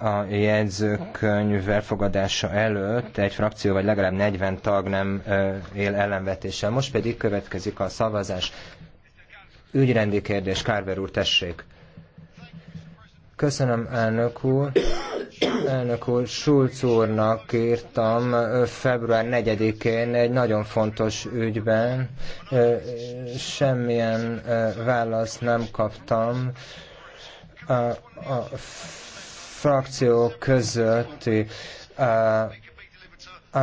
a jegyzőkönyv elfogadása előtt egy frakció vagy legalább 40 tag nem él ellenvetéssel. Most pedig következik a szavazás. Ügyrendi kérdés, Kárver úr, tessék. Köszönöm, elnök úr. Elnök úr, Schulz úrnak írtam február 4-én egy nagyon fontos ügyben. Semmilyen választ nem kaptam. A, a frakciók közötti a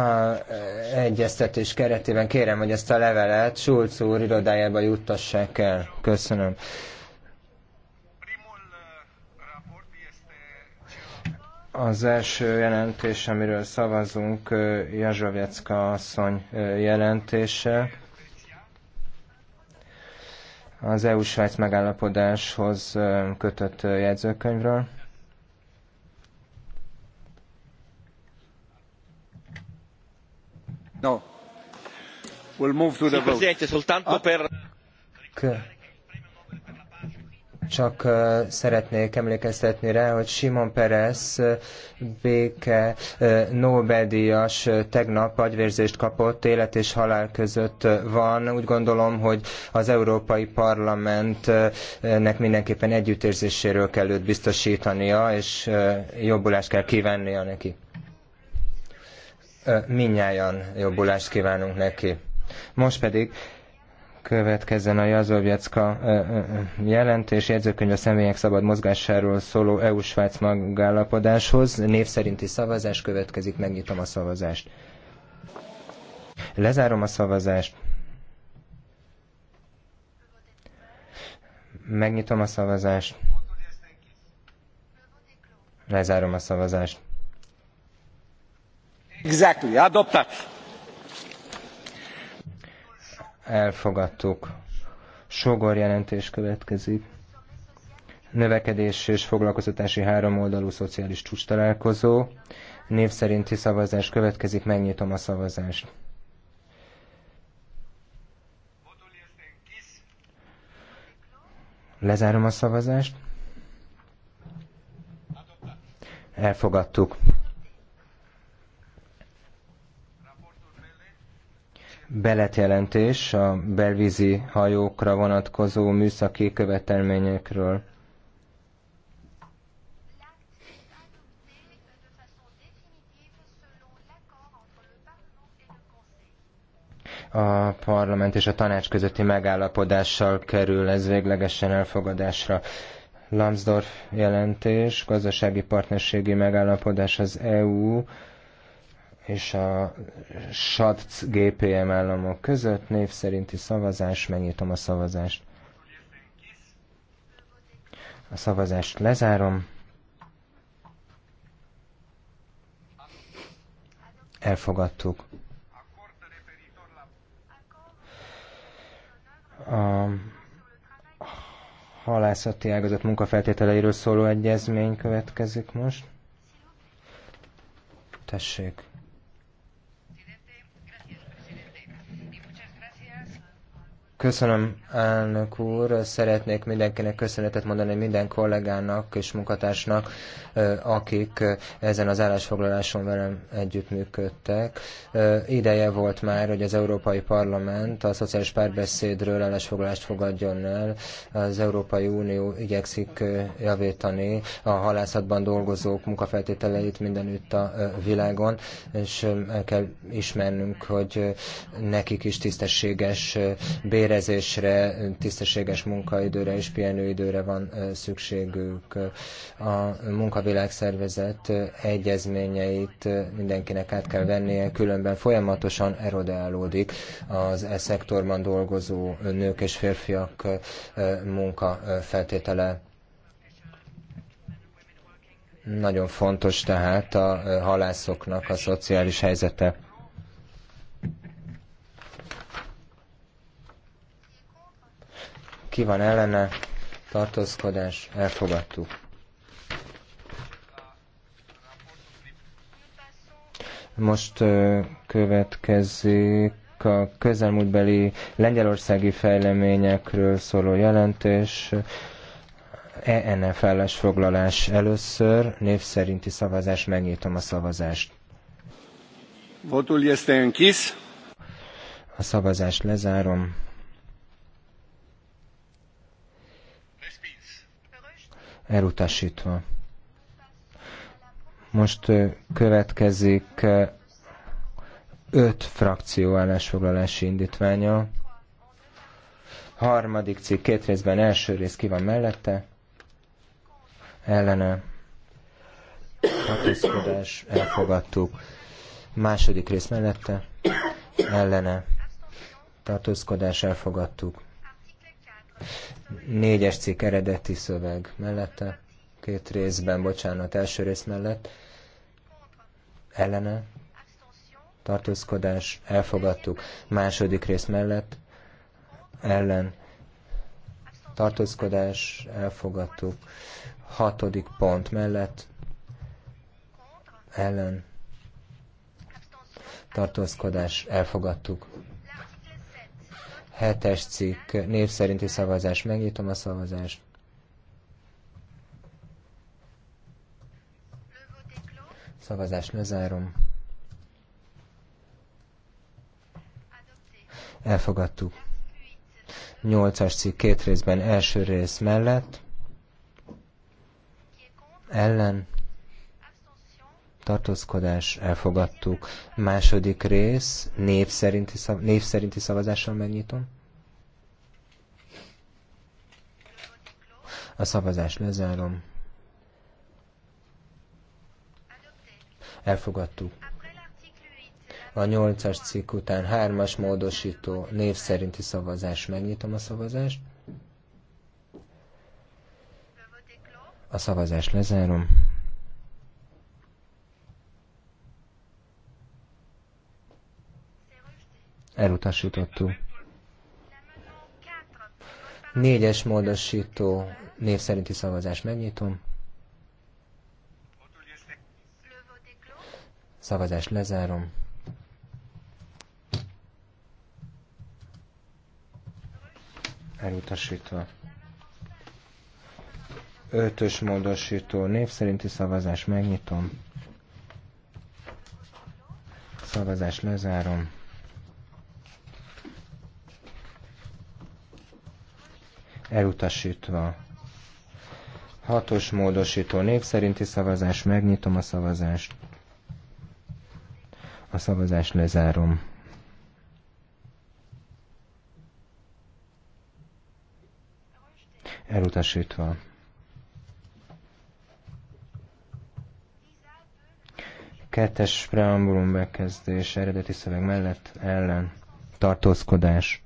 egyeztetés keretében kérem, hogy ezt a levelet Schulz úr irodájába juttassák el. Köszönöm. Az első jelentés, amiről szavazunk, Jazsovjecka asszony jelentése. Az EU-Svájc megállapodáshoz kötött jegyzőkönyvről. No. soltanto ah. per... Csak uh, szeretnék emlékeztetni rá, hogy Simon Perez uh, béke uh, Nobel-díjas tegnap agyvérzést kapott, élet és halál között van. Úgy gondolom, hogy az Európai Parlamentnek mindenképpen együttérzéséről kell őt biztosítania, és jobbulást kell kívánnia neki minnyáján jobbulást kívánunk neki. Most pedig következzen a Jazovjecka jelentés, jegyzőkönyv a személyek szabad mozgásáról szóló EU-Svájc magállapodáshoz. Név szerinti szavazás következik, megnyitom a szavazást. Lezárom a szavazást. Megnyitom a szavazást. Lezárom a szavazást. Elfogadtuk. Sogor jelentés következik. Növekedés és foglalkoztatási háromoldalú szociális csúcs találkozó. Név szerinti szavazás következik, megnyitom a szavazást. Lezárom a szavazást. Elfogadtuk. beletjelentés a belvízi hajókra vonatkozó műszaki követelményekről. a parlament és a tanács közötti megállapodással kerül ez véglegesen elfogadásra. Lambsdorff jelentés, gazdasági partnerségi megállapodás az EU és a SADC GPM államok között név szerinti szavazás, megnyitom a szavazást. A szavazást lezárom. Elfogadtuk. A halászati ágazat munkafeltételeiről szóló egyezmény következik most. Tessék. Köszönöm, elnök úr. Szeretnék mindenkinek köszönetet mondani minden kollégának és munkatársnak, akik ezen az állásfoglaláson velem együttműködtek. Ideje volt már, hogy az Európai Parlament a szociális párbeszédről állásfoglalást fogadjon el. Az Európai Unió igyekszik javítani a halászatban dolgozók munkafeltételeit mindenütt a világon, és el kell ismernünk, hogy nekik is tisztességes bér bérezésre, tisztességes munkaidőre és pihenőidőre van szükségük. A munkavilágszervezet egyezményeit mindenkinek át kell vennie, különben folyamatosan erodálódik az e szektorban dolgozó nők és férfiak munkafeltétele. Nagyon fontos tehát a halászoknak a szociális helyzete. ki van ellene, tartózkodás, elfogadtuk. Most következik a közelmúltbeli lengyelországi fejleményekről szóló jelentés. ENF foglalás először, név szerinti szavazás, megnyitom a szavazást. Votul este închis. A szavazást lezárom. elutasítva. Most következik öt frakció állásfoglalási indítványa. Harmadik cikk, két részben első rész ki van mellette, ellene tartózkodás, elfogadtuk. Második rész mellette, ellene tartózkodás, elfogadtuk Négyes cikk eredeti szöveg mellette, két részben, bocsánat, első rész mellett, ellene, tartózkodás, elfogadtuk, második rész mellett, ellen, tartózkodás, elfogadtuk, hatodik pont mellett, ellen, tartózkodás, elfogadtuk hetes cikk név szerinti szavazás. Megnyitom a szavazást. Szavazást lezárom. Elfogadtuk. Nyolcas cikk két részben első rész mellett. Ellen tartózkodás, elfogadtuk. Második rész, név szerinti, szav, név szerinti szavazással megnyitom. A szavazást lezárom. Elfogadtuk. A nyolcas cikk után hármas módosító név szerinti szavazás. Megnyitom a szavazást. A szavazást lezárom. elutasítottuk. Négyes módosító név szerinti szavazás megnyitom. Szavazást lezárom. Elutasítva. Ötös módosító név szerinti szavazás megnyitom. Szavazást lezárom. elutasítva. Hatos módosító név szerinti szavazás, megnyitom a szavazást. A szavazást lezárom. Elutasítva. Kettes preambulum bekezdés, eredeti szöveg mellett, ellen, tartózkodás.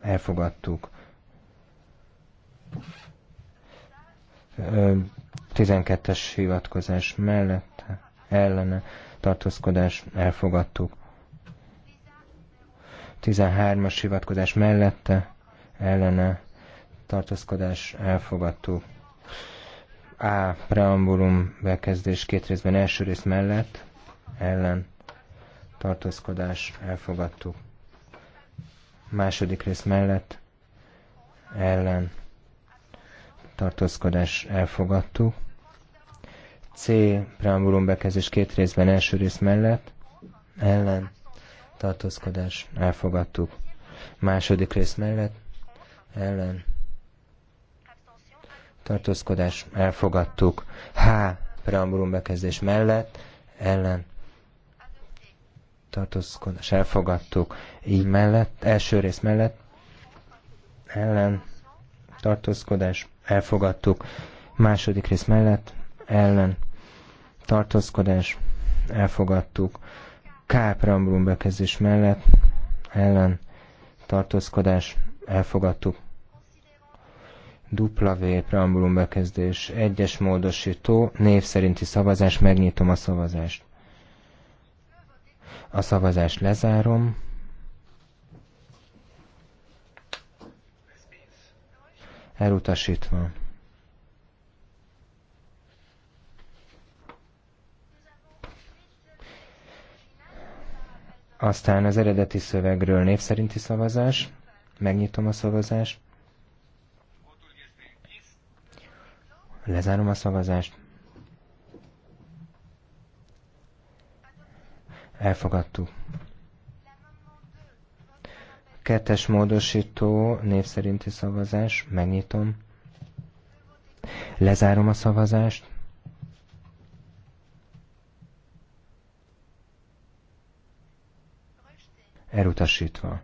Elfogadtuk 12-es hivatkozás mellett ellene tartózkodás elfogadtuk. 13-as hivatkozás mellette ellene tartózkodás elfogadtuk. A. Preambulum bekezdés két részben első rész mellett ellen tartózkodás elfogadtuk. Második rész mellett ellen tartózkodás elfogadtuk. C. Preambulum bekezdés két részben első rész mellett, ellen, tartózkodás elfogadtuk. Második rész mellett, ellen, tartózkodás elfogadtuk. H. Preambulum bekezdés mellett, ellen, tartózkodás elfogadtuk. Így mellett, első rész mellett, ellen, tartózkodás elfogadtuk. Második rész mellett ellen tartózkodás elfogadtuk. Káprambrum bekezdés mellett ellen tartózkodás elfogadtuk. V Preambulum bekezdés egyes módosító név szerinti szavazás megnyitom a szavazást. A szavazást lezárom. elutasítva. Aztán az eredeti szövegről név szerinti szavazás. Megnyitom a szavazást. Lezárom a szavazást. Elfogadtuk. Kettes módosító, név szerinti szavazás, megnyitom. Lezárom a szavazást. Elutasítva.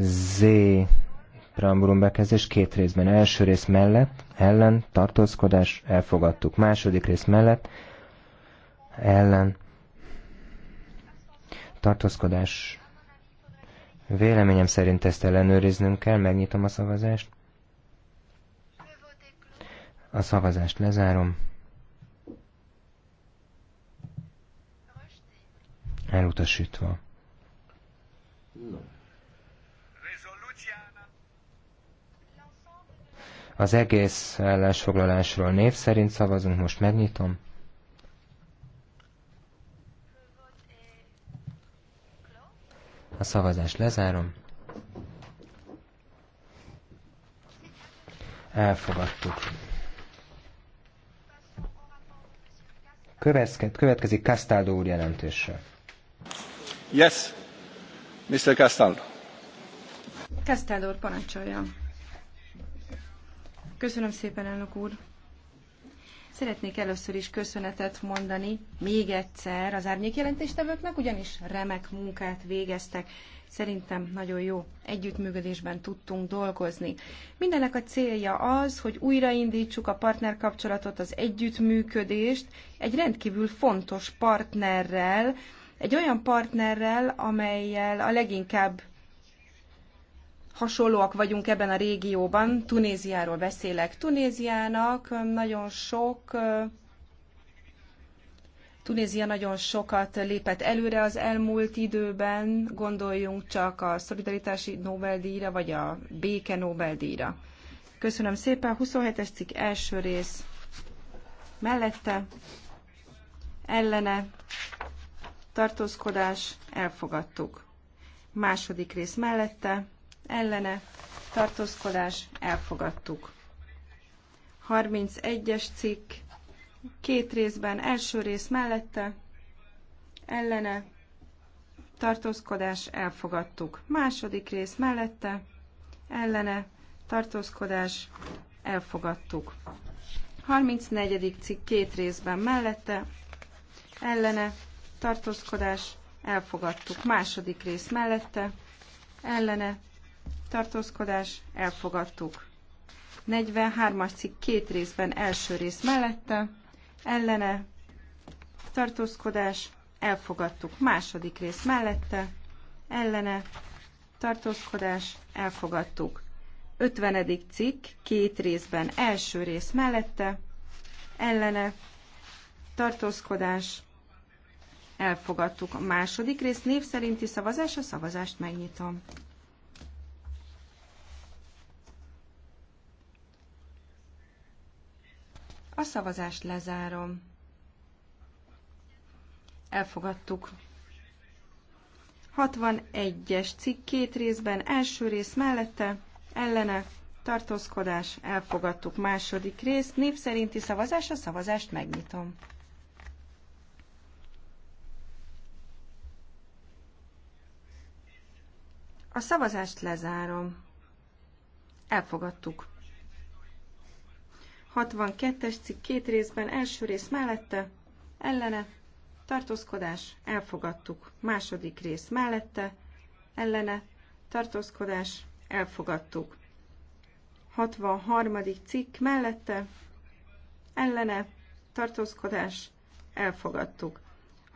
Z preambulum bekezdés két részben. Első rész mellett, ellen, tartózkodás, elfogadtuk. Második rész mellett, ellen, tartózkodás. Véleményem szerint ezt ellenőriznünk kell, megnyitom a szavazást. A szavazást lezárom. Elutasítva. Az egész állásfoglalásról név szerint szavazunk, most megnyitom. A szavazást lezárom. Elfogadtuk. Következik, következik Castaldo úr jelentése. Yes, Mr. Castaldo. Castaldo úr, parancsolja. Köszönöm szépen, elnök úr. Szeretnék először is köszönetet mondani még egyszer az árnyékjelentéstevőknek, ugyanis remek munkát végeztek. Szerintem nagyon jó együttműködésben tudtunk dolgozni. Mindenek a célja az, hogy újraindítsuk a partnerkapcsolatot, az együttműködést egy rendkívül fontos partnerrel, egy olyan partnerrel, amelyel a leginkább hasonlóak vagyunk ebben a régióban. Tunéziáról beszélek. Tunéziának nagyon sok Tunézia nagyon sokat lépett előre az elmúlt időben, gondoljunk csak a szolidaritási Nobel-díjra, vagy a béke Nobel-díjra. Köszönöm szépen, 27-es cikk első rész mellette, ellene, tartózkodás, elfogadtuk. Második rész mellette, ellene tartózkodás elfogadtuk. 31-es cikk két részben első rész mellette ellene tartózkodás elfogadtuk. Második rész mellette ellene tartózkodás elfogadtuk. 34. cikk két részben mellette ellene tartózkodás elfogadtuk. Második rész mellette ellene tartózkodás, elfogadtuk. 43-as cikk két részben első rész mellette, ellene, tartózkodás, elfogadtuk. Második rész mellette, ellene, tartózkodás, elfogadtuk. 50. cikk két részben első rész mellette, ellene, tartózkodás, elfogadtuk. A második rész név szerinti szavazás, a szavazást megnyitom. A szavazást lezárom. Elfogadtuk. 61-es cikk két részben, első rész mellette, ellene, tartózkodás, elfogadtuk második részt, név szerinti szavazás, a szavazást megnyitom. A szavazást lezárom. Elfogadtuk. 62-es cikk két részben, első rész mellette, ellene, tartózkodás, elfogadtuk. Második rész mellette, ellene, tartózkodás, elfogadtuk. 63. cikk mellette, ellene, tartózkodás, elfogadtuk.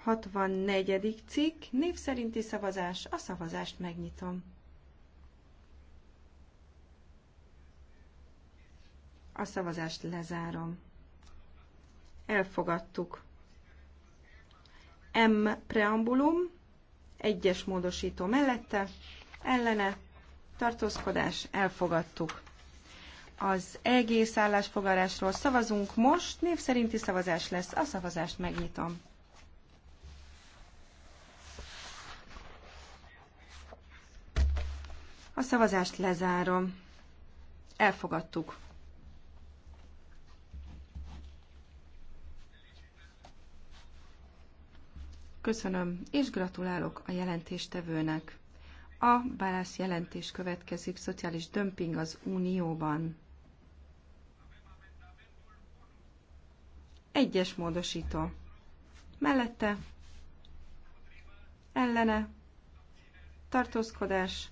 64. cikk, név szerinti szavazás, a szavazást megnyitom. A szavazást lezárom. Elfogadtuk. M preambulum, egyes módosító mellette, ellene, tartózkodás, elfogadtuk. Az egész állásfoglalásról szavazunk most, név szerinti szavazás lesz, a szavazást megnyitom. A szavazást lezárom. Elfogadtuk. Köszönöm, és gratulálok a jelentéstevőnek. A válasz jelentés következik, szociális dömping az Unióban. Egyes módosító. Mellette. Ellene. Tartózkodás.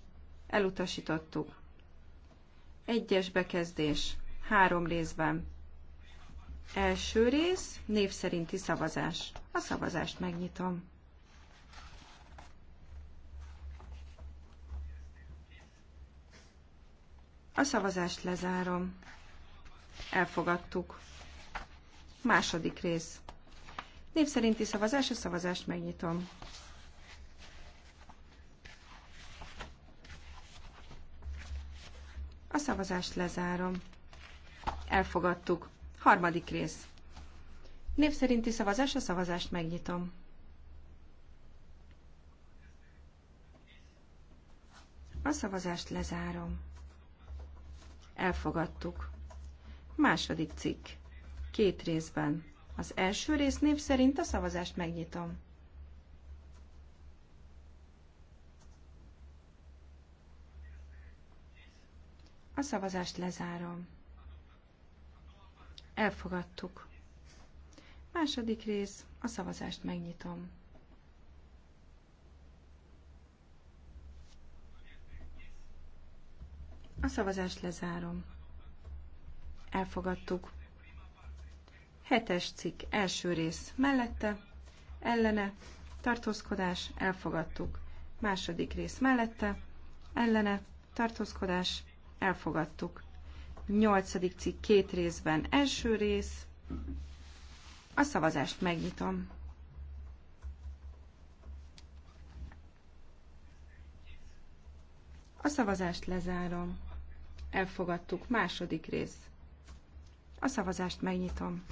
Elutasítottuk. Egyes bekezdés. Három részben. Első rész, név szerinti szavazás. A szavazást megnyitom. A szavazást lezárom. Elfogadtuk. Második rész. Név szerinti szavazás, a szavazást megnyitom. A szavazást lezárom. Elfogadtuk. Harmadik rész. Név szerinti szavazás, a szavazást megnyitom. A szavazást lezárom. Elfogadtuk. Második cikk. Két részben. Az első rész név szerint a szavazást megnyitom. A szavazást lezárom. Elfogadtuk. Második rész. A szavazást megnyitom. A szavazást lezárom. Elfogadtuk. Hetes cikk, első rész. Mellette, ellene, tartózkodás, elfogadtuk. Második rész mellette, ellene, tartózkodás, elfogadtuk. Nyolcadik cikk két részben. Első rész. A szavazást megnyitom. A szavazást lezárom. Elfogadtuk. Második rész. A szavazást megnyitom.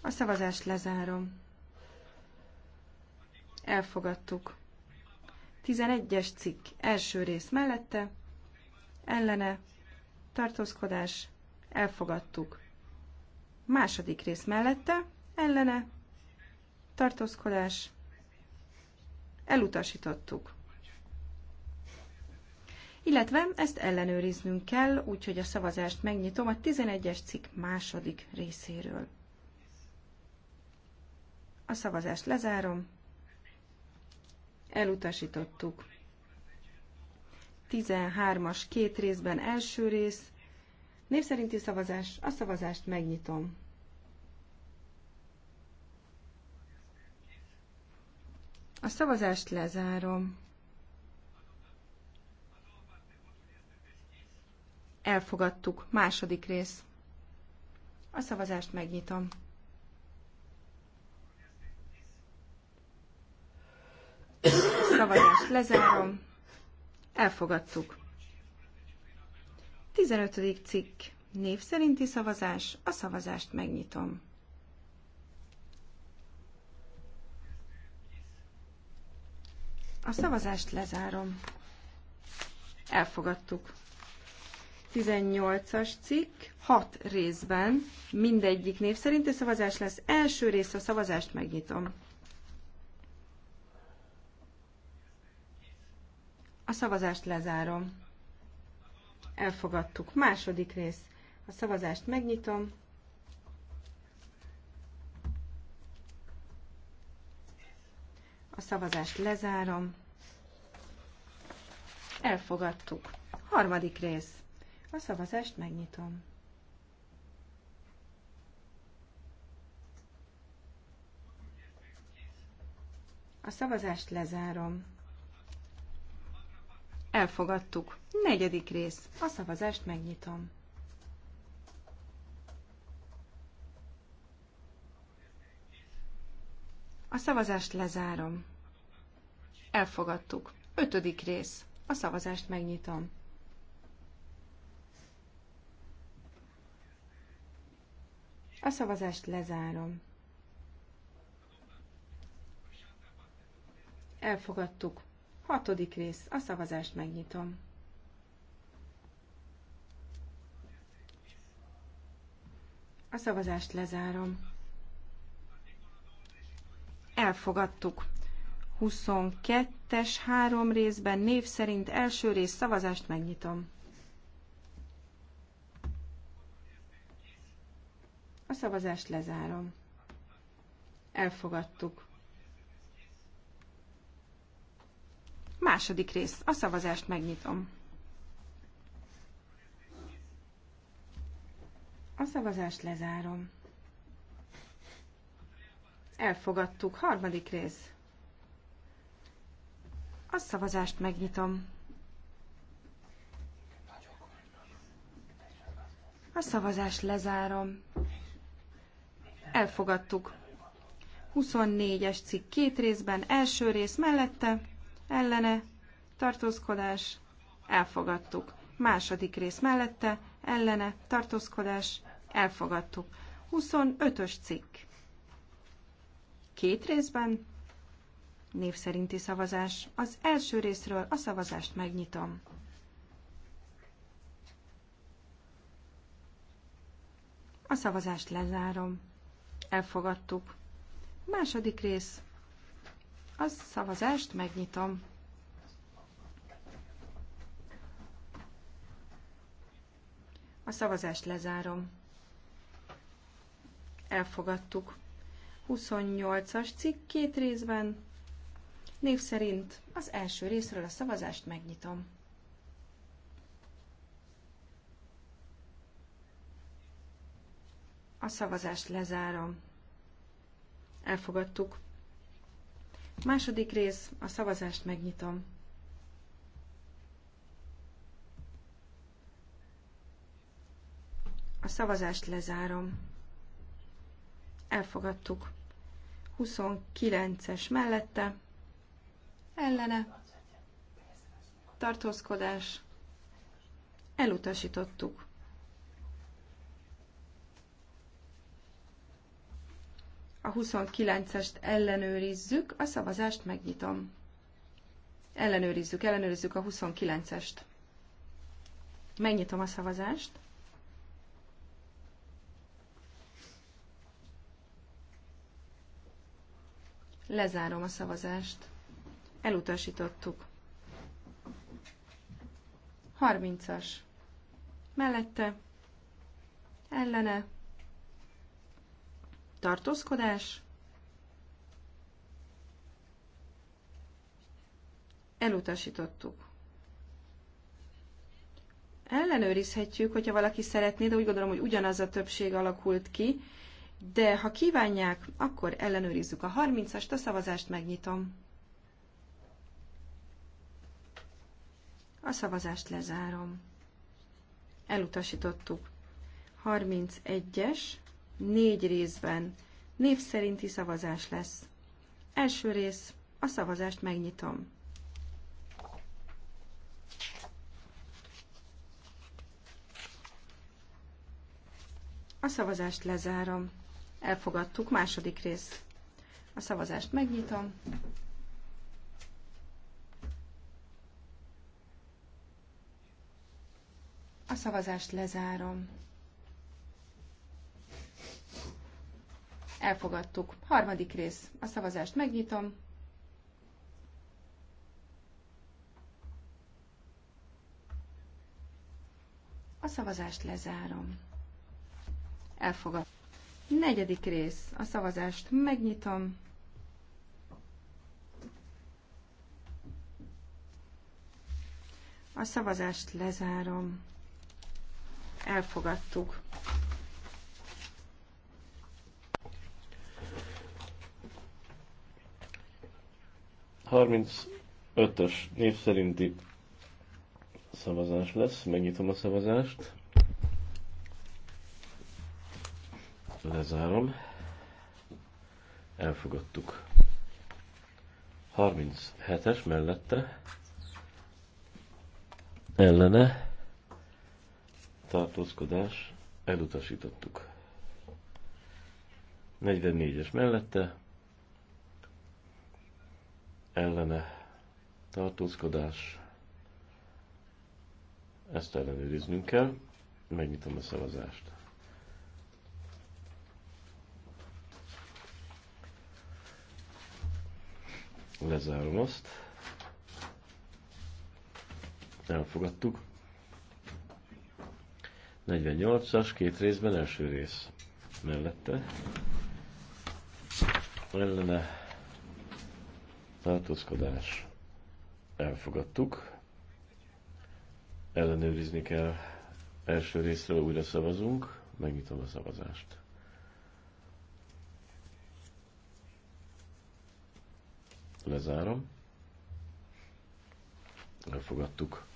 A szavazást lezárom. Elfogadtuk. 11-es cikk első rész mellette, ellene, tartózkodás, elfogadtuk. Második rész mellette, ellene, tartózkodás, elutasítottuk. Illetve ezt ellenőriznünk kell, úgyhogy a szavazást megnyitom a 11-es cikk második részéről. A szavazást lezárom elutasítottuk. 13-as két részben első rész, név szerinti szavazás, a szavazást megnyitom. A szavazást lezárom. Elfogadtuk. Második rész. A szavazást megnyitom. Szavazást lezárom. Elfogadtuk. 15. cikk. Név szerinti szavazás. A szavazást megnyitom. A szavazást lezárom. Elfogadtuk. 18-as cikk, 6 részben, mindegyik név szerinti szavazás lesz. Első rész a szavazást megnyitom. A szavazást lezárom. Elfogadtuk. Második rész. A szavazást megnyitom. A szavazást lezárom. Elfogadtuk. Harmadik rész. A szavazást megnyitom. A szavazást lezárom. Elfogadtuk. Negyedik rész. A szavazást megnyitom. A szavazást lezárom. Elfogadtuk. Ötödik rész. A szavazást megnyitom. A szavazást lezárom. Elfogadtuk. Hatodik rész. A szavazást megnyitom. A szavazást lezárom. Elfogadtuk. 22-es három részben név szerint első rész szavazást megnyitom. A szavazást lezárom. Elfogadtuk. Második rész. A szavazást megnyitom. A szavazást lezárom. Elfogadtuk. Harmadik rész. A szavazást megnyitom. A szavazást lezárom. Elfogadtuk. 24-es cikk két részben, első rész mellette ellene, tartózkodás, elfogadtuk. Második rész mellette, ellene, tartózkodás, elfogadtuk. 25-ös cikk. Két részben, név szerinti szavazás. Az első részről a szavazást megnyitom. A szavazást lezárom. Elfogadtuk. Második rész. A szavazást megnyitom. A szavazást lezárom. Elfogadtuk. 28-as cikk két részben. Név szerint az első részről a szavazást megnyitom. A szavazást lezárom. Elfogadtuk. Második rész, a szavazást megnyitom. A szavazást lezárom. Elfogadtuk. 29-es mellette. Ellene. Tartózkodás. Elutasítottuk. a 29-est ellenőrizzük, a szavazást megnyitom. Ellenőrizzük, ellenőrizzük a 29-est. Megnyitom a szavazást. Lezárom a szavazást. Elutasítottuk. 30-as. Mellette. Ellene tartózkodás, elutasítottuk. Ellenőrizhetjük, hogyha valaki szeretné, de úgy gondolom, hogy ugyanaz a többség alakult ki, de ha kívánják, akkor ellenőrizzük a 30-ast, a szavazást megnyitom. A szavazást lezárom. Elutasítottuk. 31-es négy részben. Név szerinti szavazás lesz. Első rész, a szavazást megnyitom. A szavazást lezárom. Elfogadtuk, második rész. A szavazást megnyitom. A szavazást lezárom. Elfogadtuk. Harmadik rész. A szavazást megnyitom. A szavazást lezárom. Elfogad. Negyedik rész. A szavazást megnyitom. A szavazást lezárom. Elfogadtuk. 35-ös név szerinti szavazás lesz. Megnyitom a szavazást. Lezárom. Elfogadtuk. 37-es mellette. Ellene. Tartózkodás. Elutasítottuk. 44-es mellette ellene tartózkodás. Ezt ellenőriznünk kell. Megnyitom a szavazást. Lezárom azt. Elfogadtuk. 48-as, két részben, első rész mellette. Ellene tartózkodás elfogadtuk. Ellenőrizni kell. Első részről újra szavazunk. Megnyitom a szavazást. Lezárom. Elfogadtuk.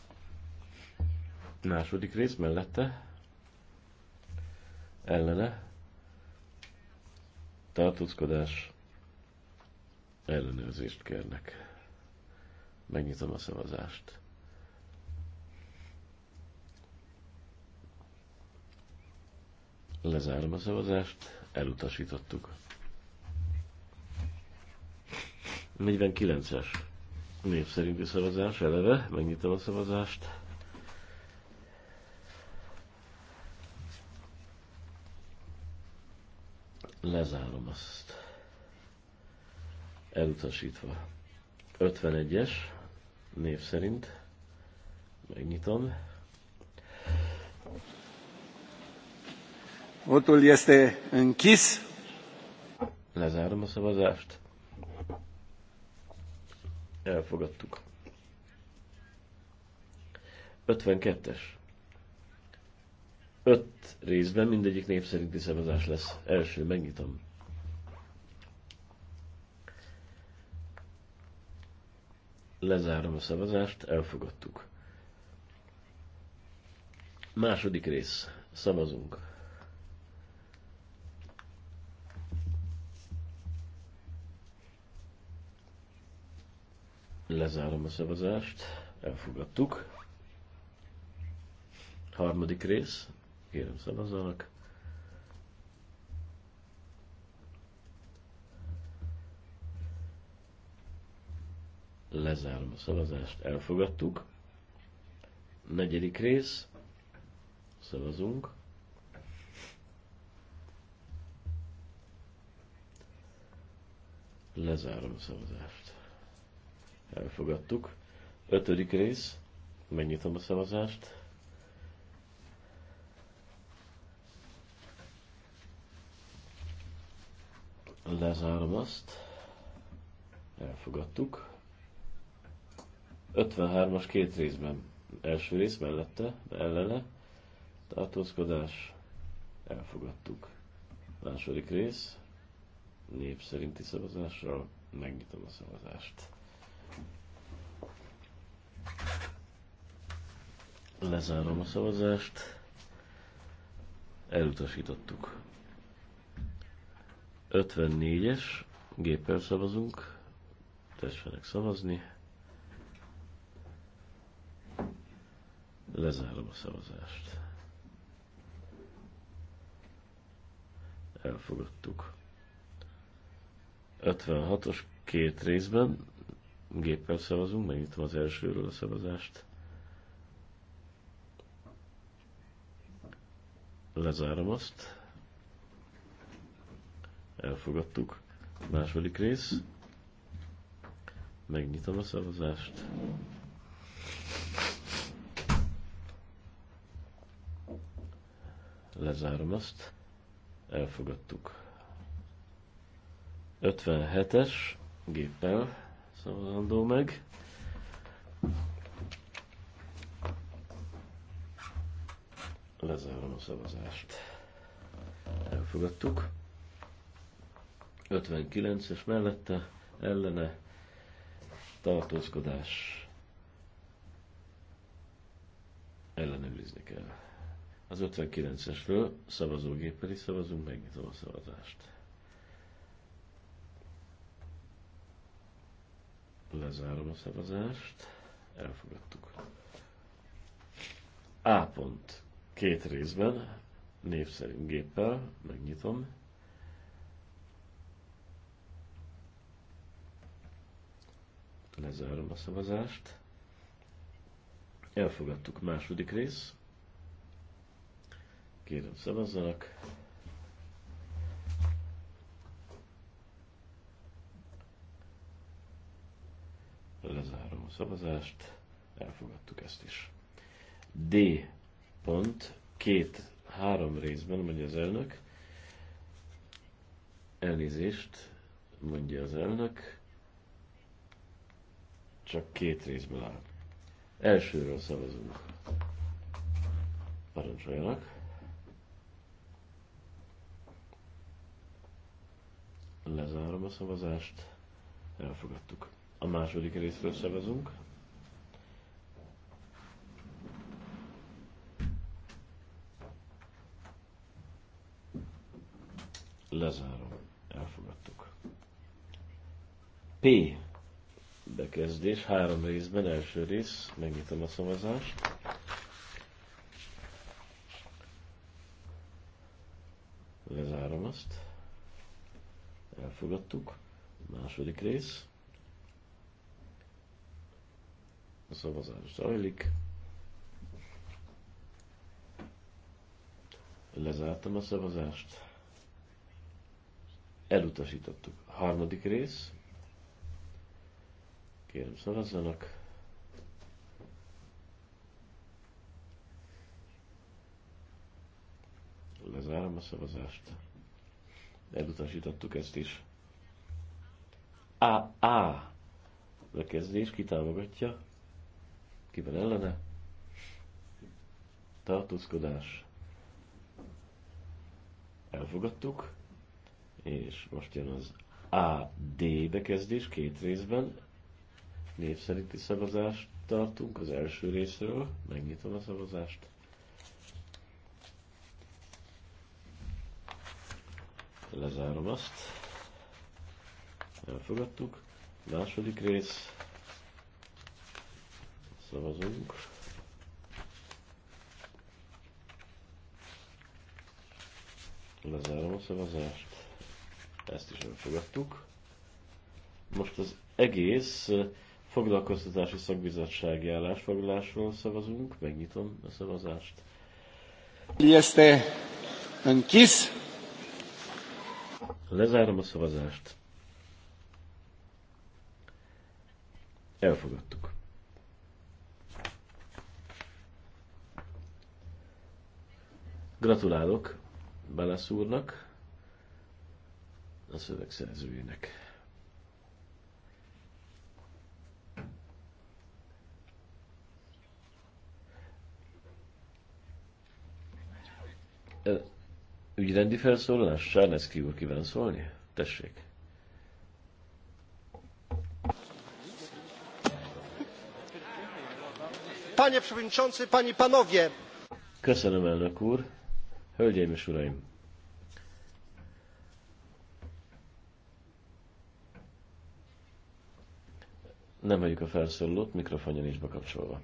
Második rész mellette. Ellene. Tartózkodás ellenőrzést kérnek. Megnyitom a szavazást. Lezárom a szavazást, elutasítottuk. 49-es név szerinti szavazás eleve, megnyitom a szavazást. Lezárom azt elutasítva. 51-es név szerint megnyitom. Votul este închis. Lezárom a szavazást. Elfogadtuk. 52-es. Öt részben mindegyik név szerinti szavazás lesz. Első, megnyitom. Lezárom a szavazást, elfogadtuk. Második rész. Szavazunk. Lezárom a szavazást. Elfogadtuk. Harmadik rész. Kérem szavazzanak. Lezárom a szavazást, elfogadtuk. Negyedik rész, szavazunk. Lezárom a szavazást. Elfogadtuk. Ötödik rész, megnyitom a szavazást. lezárom azt. Elfogadtuk. 53-as két részben. Első rész mellette, ellene, tartózkodás, elfogadtuk. Második rész, nép szerinti szavazással, megnyitom a szavazást. Lezárom a szavazást. Elutasítottuk. 54-es, géppel szavazunk. Tessenek szavazni. Lezárom a szavazást. Elfogadtuk. 56-os két részben géppel szavazunk, megnyitom az elsőről a szavazást. Lezárom azt. Elfogadtuk. Második rész. Megnyitom a szavazást. Lezárom azt. Elfogadtuk. 57-es géppel szavazandó meg. Lezárom a szavazást. Elfogadtuk. 59-es mellette ellene tartózkodás ellenőrizni kell. Az 59-esről szavazógéppel is szavazunk, megnyitom a szavazást. Lezárom a szavazást. Elfogadtuk. A pont. Két részben, név szerint géppel, megnyitom. Lezárom a szavazást. Elfogadtuk második rész kérem szavazzanak. Lezárom a szavazást, elfogadtuk ezt is. D. Pont, két, három részben, mondja az elnök. Elnézést, mondja az elnök. Csak két részből áll. Elsőről szavazunk. Parancsoljanak. Lezárom a szavazást. Elfogadtuk. A második részről szavazunk. Lezárom. Elfogadtuk. P. Bekezdés. Három részben. Első rész. Megnyitom a szavazást. Lezárom azt. Elfogadtuk. Második rész. A szavazás zajlik. Lezártam a szavazást. Elutasítottuk. A harmadik rész. Kérem szavazzanak. Lezárom a szavazást elutasítottuk ezt is. A, A bekezdés, ki támogatja, kivel ellene, tartózkodás, elfogadtuk, és most jön az A, D bekezdés két részben, név szerinti szavazást tartunk az első részről, megnyitom a szavazást, Lezárom azt. Elfogadtuk. Második rész. Szavazunk. Lezárom a szavazást. Ezt is elfogadtuk. Most az egész foglalkoztatási szakbizottsági állásfoglalásról szavazunk. Megnyitom a szavazást. Este închis. Lezárom a szavazást. Elfogadtuk. Gratulálok Balasz úrnak, a szövegszerzőjének. Uh Ügyrendi felszólalás? Sárneszki úr kíván szólni? Tessék. Panie Przewodniczący, Panie Panowie! Köszönöm, elnök úr. Hölgyeim és uraim! Nem halljuk a felszólalót, mikrofonja nincs bekapcsolva.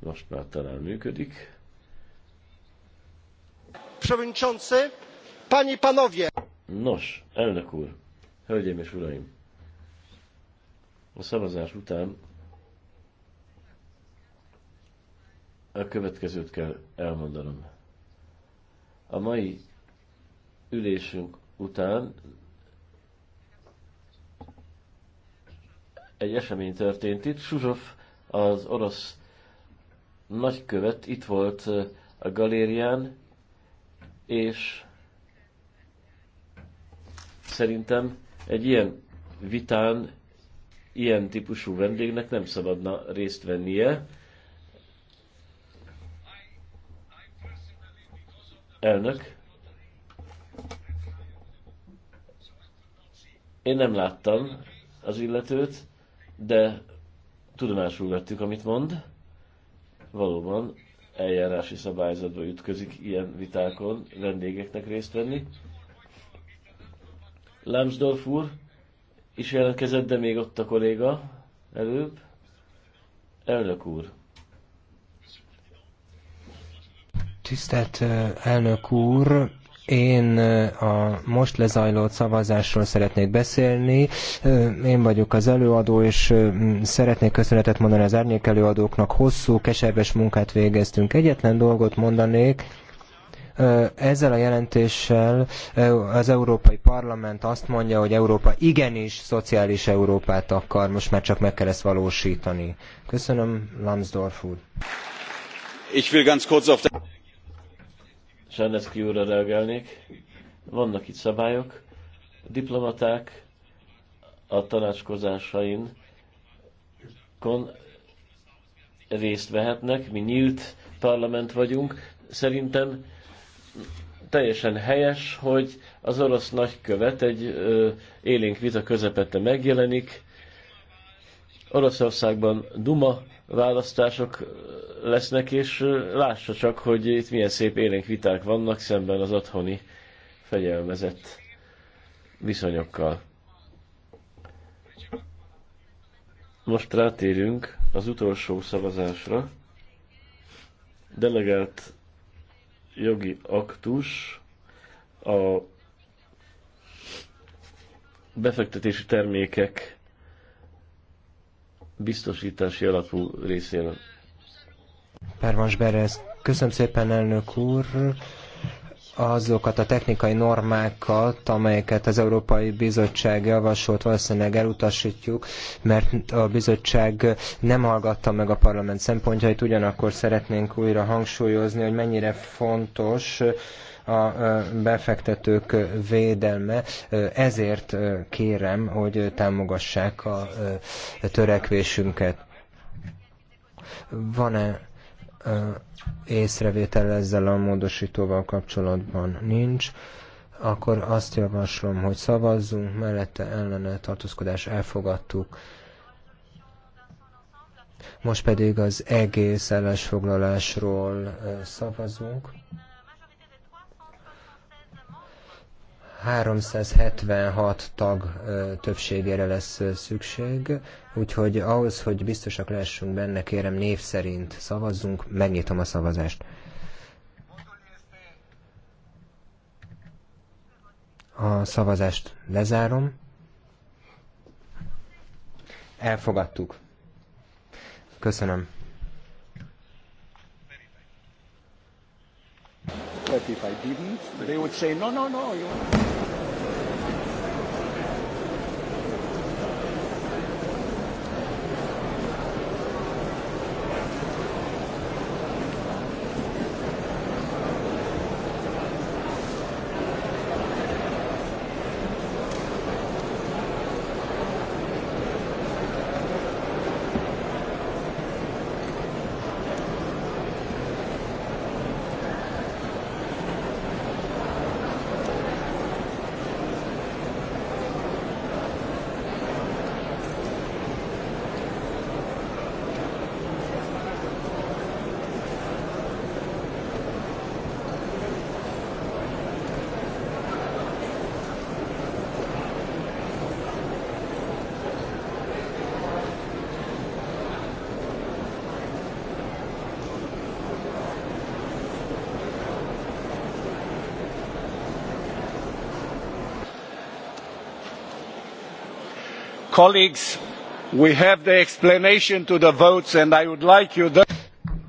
Most már talán működik przewodniczący! panie i panowie! nos elnök úr hölgyeim és uraim! a szavazás után a következőt kell elmondanom. A mai ülésünk után egy esemény történt itt. Suzsov, az orosz nagykövet itt volt a galérián, és szerintem egy ilyen vitán ilyen típusú vendégnek nem szabadna részt vennie. Elnök, én nem láttam az illetőt, de tudomásul vettük, amit mond. Valóban eljárási szabályzatba ütközik ilyen vitákon vendégeknek részt venni. Lambsdorff úr is jelentkezett, de még ott a kolléga előbb. Elnök úr. Tisztelt elnök úr, én a most lezajlott szavazásról szeretnék beszélni. Én vagyok az előadó, és szeretnék köszönetet mondani az árnyék előadóknak. Hosszú, keserves munkát végeztünk. Egyetlen dolgot mondanék, ezzel a jelentéssel az Európai Parlament azt mondja, hogy Európa igenis szociális Európát akar, most már csak meg kell ezt valósítani. Köszönöm, Lambsdorff úr. Ich will ganz kurz auf Sárnecki úrra reagálnék. Vannak itt szabályok, a diplomaták a tanácskozásain kon részt vehetnek, mi nyílt parlament vagyunk. Szerintem teljesen helyes, hogy az orosz nagykövet egy ö, élénk vita közepette megjelenik. Oroszországban Duma választások lesznek, és lássa csak, hogy itt milyen szép élénk viták vannak szemben az otthoni fegyelmezett viszonyokkal. Most rátérünk az utolsó szavazásra. Delegált jogi aktus a befektetési termékek biztosítási alapú részéről. Pármas Berez, köszönöm szépen elnök úr azokat a technikai normákat, amelyeket az Európai Bizottság javasolt, valószínűleg elutasítjuk, mert a bizottság nem hallgatta meg a parlament szempontjait, ugyanakkor szeretnénk újra hangsúlyozni, hogy mennyire fontos, a befektetők védelme. Ezért kérem, hogy támogassák a törekvésünket. Van-e észrevétel ezzel a módosítóval kapcsolatban? Nincs akkor azt javaslom, hogy szavazzunk, mellette ellene tartózkodás elfogadtuk. Most pedig az egész ellensfoglalásról szavazunk. 376 tag többségére lesz szükség, úgyhogy ahhoz, hogy biztosak lehessünk benne, kérem név szerint szavazzunk, megnyitom a szavazást. A szavazást lezárom. Elfogadtuk. Köszönöm. But if I didn't, they would say, no, no, no. not.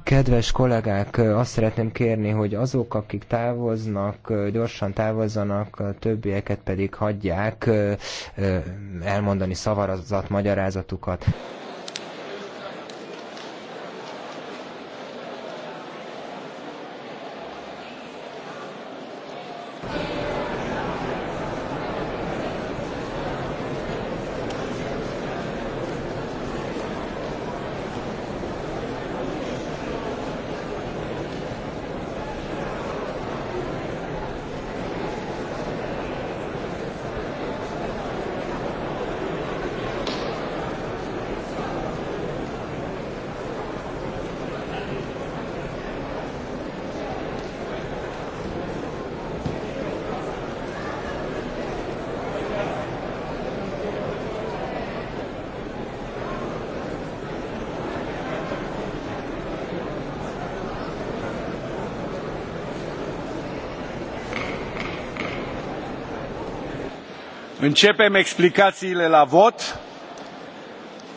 Kedves kollégák, azt szeretném kérni, hogy azok, akik távoznak, gyorsan távozzanak, a többieket pedig hagyják elmondani szavazatmagyarázatukat. magyarázatukat. Începem explicațiile la vot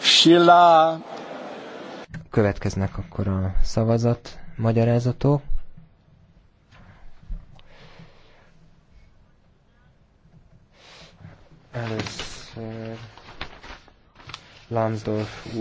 și la... Következnek akkor a szavazat magyarázató. Először Lansdorf